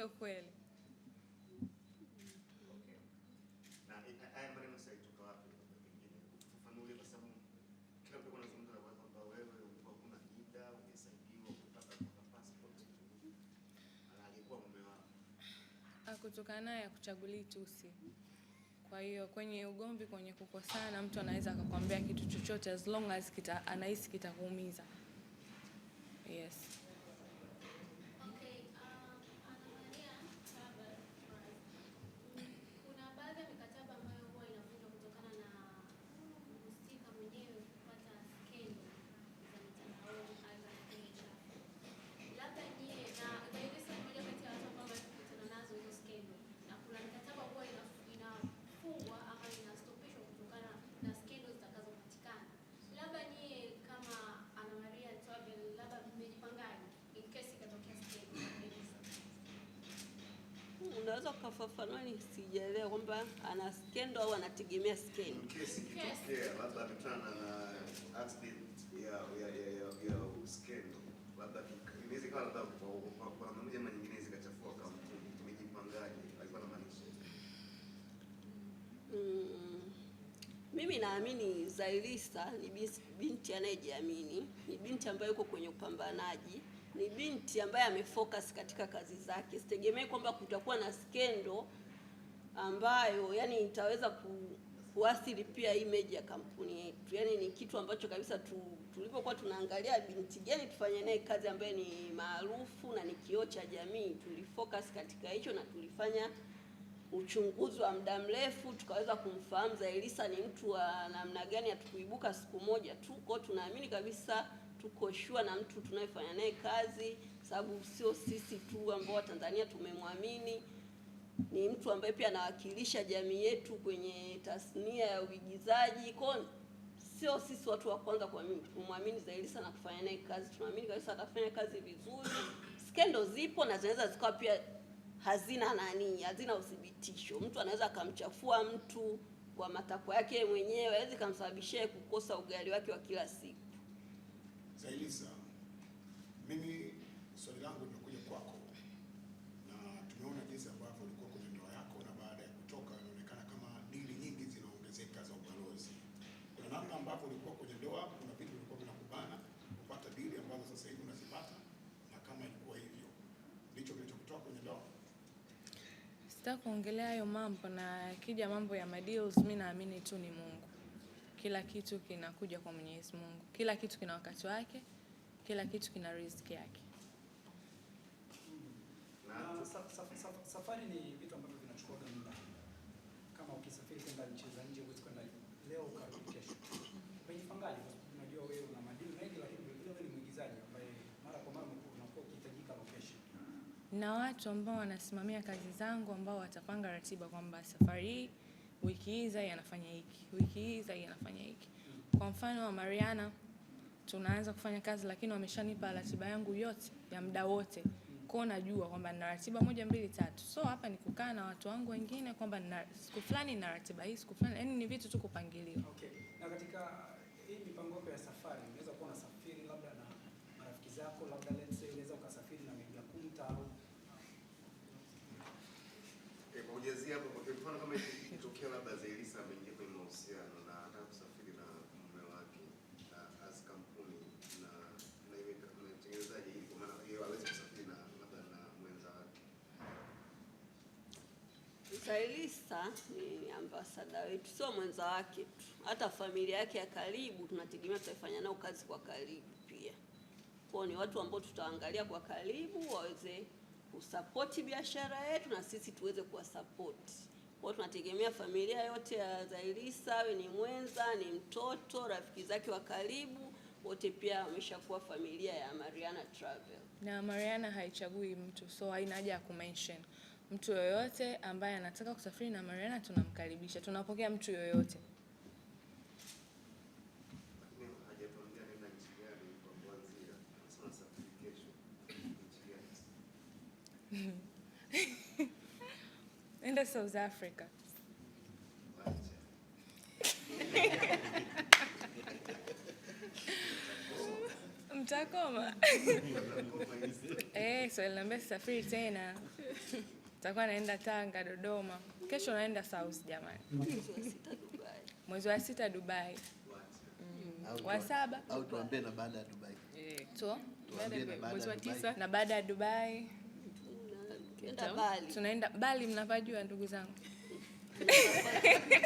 Kwa kweli. Kutokana ya akuchagulii tusi. Kwa hiyo kwenye ugomvi, kwenye kukosana, mtu anaweza akakwambia kitu chochote as long as kita, anahisi kitakuumiza. Yes. unaweza ukafafanua ni sijaelewa kwamba ana skendo au anategemea skendo mm, mimi naamini Zailisa ni binti anayejiamini, ni binti ambayo yuko kwenye upambanaji ni binti ambaye amefocus katika kazi zake. Sitegemei kwamba kutakuwa na skendo ambayo yani itaweza ku, kuathiri pia image ya kampuni yetu. Yani ni kitu ambacho kabisa tu, tulipokuwa tunaangalia binti gani tufanye naye kazi ambaye ni maarufu na ni kioo cha jamii, tulifocus katika hicho na tulifanya uchunguzi wa muda mrefu tukaweza kumfahamu Zailisa ni mtu wa namna gani, atukuibuka siku moja tu. Kwa tunaamini kabisa tuko shua na mtu tunayefanya naye kazi, sababu sio sisi tu ambao Watanzania tumemwamini. Ni mtu ambaye pia anawakilisha jamii yetu kwenye tasnia ya uigizaji, kwa sio sisi watu wa kwanza kumwamini Zaiylisa na kufanya naye kazi. Tunaamini kabisa atafanya kazi vizuri. Skendo zipo na zinaweza zikawa pia hazina nani, hazina uthibitisho. Mtu anaweza akamchafua mtu kwa matakwa yake mwenyewe, hawezi kumsababishia kukosa ugali wake wa kila siku. Zailisa, mimi swali langu linakuja kwako, na tumeona jinsi ambavyo ulikuwa kwenye ndoa yako, na baada ya kutoka inaonekana kama dili nyingi zinaongezeka za ubalozi. Kuna namna ambavyo ulikuwa kwenye ndoa, kuna vitu vilikuwa vinakubana kupata dili ambazo sasa hivi unazipata, na kama ilikuwa hivyo ndicho kilichokutoa kwenye ndoa? Sitaki kuongelea hayo mambo, na akija mambo ya madeals, mimi naamini tu ni Mungu. Kila kitu kinakuja kwa Mwenyezi Mungu, kila kitu kina wakati wake, kila kitu kina riziki yake. Na safari ni vitu ambavyo vinachukua muda. Kama ukisafiri kwenda nchi za nje, huwezi kwenda leo ukarudi kesho. Umejipangaje? Unajua wewe una madili mengi, lakini ni mwigizaji ambaye mara kwa mara unakuwa ukihitajika location na watu ambao wanasimamia kazi zangu ambao watapanga ratiba kwamba safari hii wiki hii Zai anafanya hiki, wiki hii Zai anafanya hiki. Kwa mfano wa Mariana tunaanza kufanya kazi, lakini wameshanipa ratiba yangu yote ya muda wote kwa najua kwamba nina ratiba moja mbili tatu. So hapa ni kukaa na watu wangu wengine kwamba nina siku fulani nina ratiba hii, siku fulani, yani ni vitu tu kupangiliwa. Okay. Na katika hii mipango yako ya safari, unaweza kuwa unasafiri labda na marafiki zako, labda let's say unaweza ukasafiri na Megakunta au eh, maujazia hapo kwa mfano kama hivi Ikitokea labda ameingia kwenye mahusiano na kusafiri na mume wake na as kampuni na mtengenezaji maana yeye hawezi kusafiri na labda na mwenza wake. Ah, ni ambasada wetu, sio mwenza wake tu, hata familia yake ya karibu tunategemea tutaifanya nao kazi kwa karibu pia. Kwao ni watu ambao tutaangalia kwa karibu waweze kusapoti biashara yetu na sisi tuweze kuwasapoti. Kwa tunategemea familia yote ya Zailisa, awe ni mwenza, ni mtoto, rafiki zake wa karibu wote pia wameshakuwa familia ya Mariana Travel. Na Mariana haichagui mtu, so haina haja ya kumention mtu yoyote ambaye anataka kusafiri na Mariana, tunamkaribisha, tunapokea mtu yoyote. Nenda South Africa. Mtakoma eh, swali nambia sisafiri tena, takuwa naenda Tanga, Dodoma, kesho naenda South jamani, mwezi wa sita Dubai mm. wa saba, au tuambie na baada ya Dubai, eh. mwezi wa tisa na baada ya Dubai Tunaenda Bali. mnavajua ndugu zangu.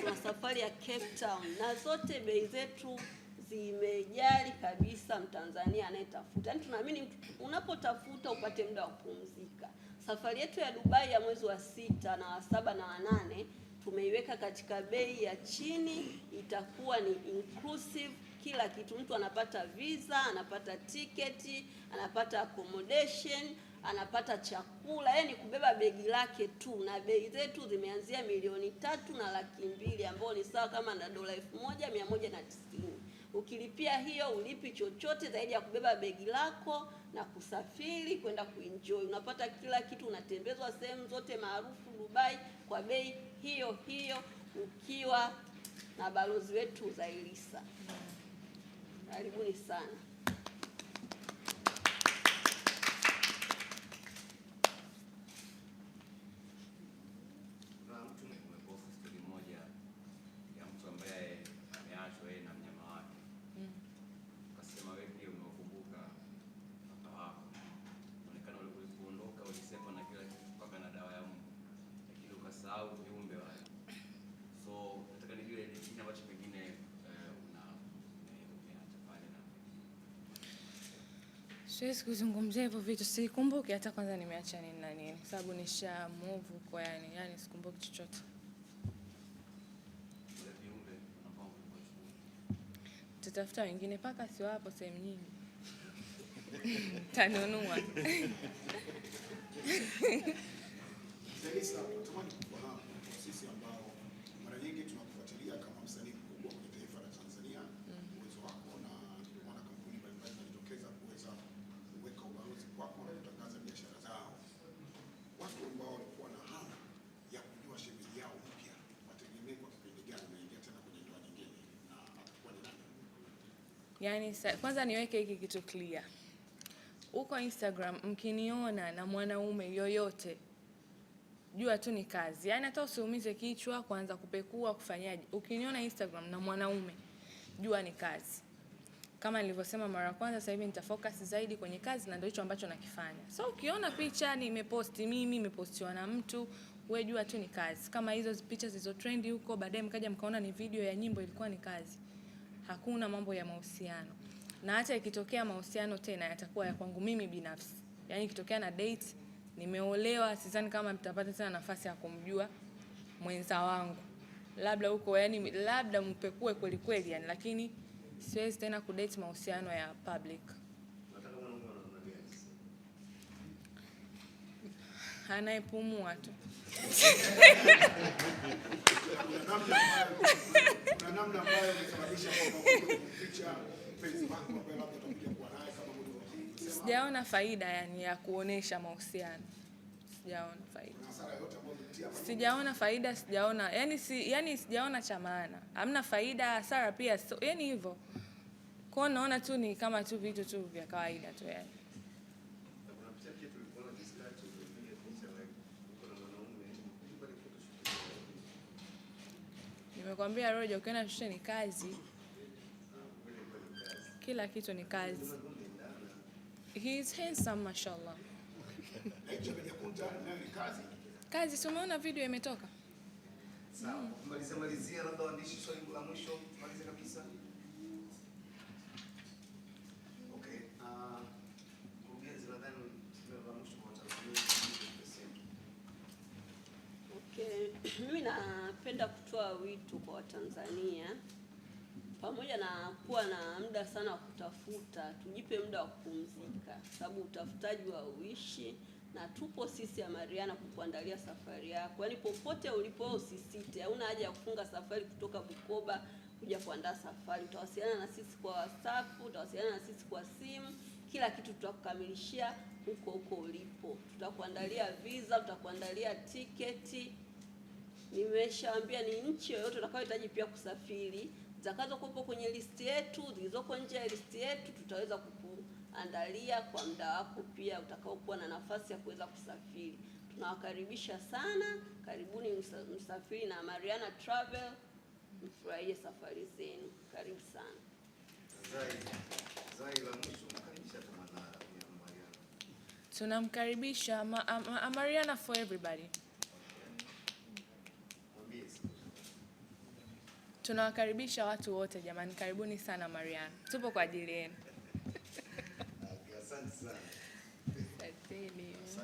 Tuna safari ya Cape Town na zote bei zetu zimejali kabisa mtanzania anayetafuta. Yaani tunaamini unapotafuta upate muda wa kupumzika. Safari yetu ya Dubai ya mwezi wa sita na wa saba na wanane nane tumeiweka katika bei ya chini, itakuwa ni inclusive kila kitu. Mtu anapata visa, anapata tiketi, anapata accommodation anapata chakula, yani kubeba begi lake tu. Na bei zetu zimeanzia milioni tatu na laki mbili ambao ni sawa kama na dola elfu moja mia moja na tisini. Ukilipia hiyo ulipi chochote zaidi ya kubeba begi lako na kusafiri kwenda kuenjoy. Unapata kila kitu, unatembezwa sehemu zote maarufu Dubai kwa bei hiyo hiyo, ukiwa na balozi wetu Zailisa. Karibuni sana. Siwezi kuzungumzia hivyo vitu, sikumbuki hata kwanza nimeacha nini na nini, kwa sababu nisha move huko, yani yani sikumbuki chochote. Tutafuta wengine, paka wapo sehemu nyingi tanunua Yani sa, kwanza niweke hiki kitu clear. Huko Instagram mkiniona na mwanaume yoyote jua tu ni kazi. Yaani hata usiumize kichwa kuanza kupekua kufanyaje. Ukiniona Instagram na mwanaume jua ni kazi. Kama nilivyosema mara kwanza, sasa hivi nitafocus zaidi kwenye kazi na ndio hicho ambacho nakifanya. So ukiona picha nimeposti mimi, nimepostiwa na mtu, we jua tu ni kazi. Kama hizo picha zilizo trendi huko, baadaye mkaja mkaona ni video ya nyimbo, ilikuwa ni kazi hakuna mambo ya mahusiano, na hata ikitokea mahusiano tena yatakuwa ya kwangu mimi binafsi. Yani ikitokea na date, nimeolewa, sidhani kama mtapata tena nafasi ya kumjua mwenza wangu, labda huko, yani labda mpekue kweli kweli, yani, lakini siwezi tena kudate mahusiano ya public. anayepumua tu sijaona faida yani ya kuonesha mahusiano, sijaona faida, sijaona faida, sijaona yani, si, yani sijaona cha maana, hamna faida, hasara pia, so, yani hivyo kwao, naona tu ni kama tu vitu tu vya kawaida tu yani. Nimekwambia Roja, ukiona shule ni kazi, kila kitu ni kazi. He is handsome mashallah. Kazi, si umeona video imetoka? Sawa, malizia malizia, labda waandishi, swali la mwisho, maliza kabisa. Napenda kutoa wito kwa Watanzania, pamoja na kuwa na muda sana wa kutafuta, tujipe muda wa kupumzika, sababu utafutaji wa uishi, na tupo sisi Mariana kukuandalia safari yako. Yaani popote ulipo usisite, hauna haja ya kufunga safari kutoka Bukoba kuja kuandaa safari. Utawasiliana na sisi kwa WhatsApp, utawasiliana na sisi kwa simu, kila kitu tutakukamilishia huko huko ulipo. Tutakuandalia visa, tutakuandalia tiketi Nimeshaambia ni nchi yoyote utakayohitaji pia kusafiri zitakazokuwepo kwenye listi yetu, zilizoko nje ya listi yetu, tutaweza kukuandalia kwa muda wako pia utakaokuwa na nafasi ya kuweza kusafiri. Tunawakaribisha sana, karibuni msafiri na Mariana Travel, mfurahie safari zenu. Karibu sana. Tunamkaribisha Mariana for everybody. Tunawakaribisha watu wote jamani, karibuni sana Mariana, tupo kwa ajili yenu.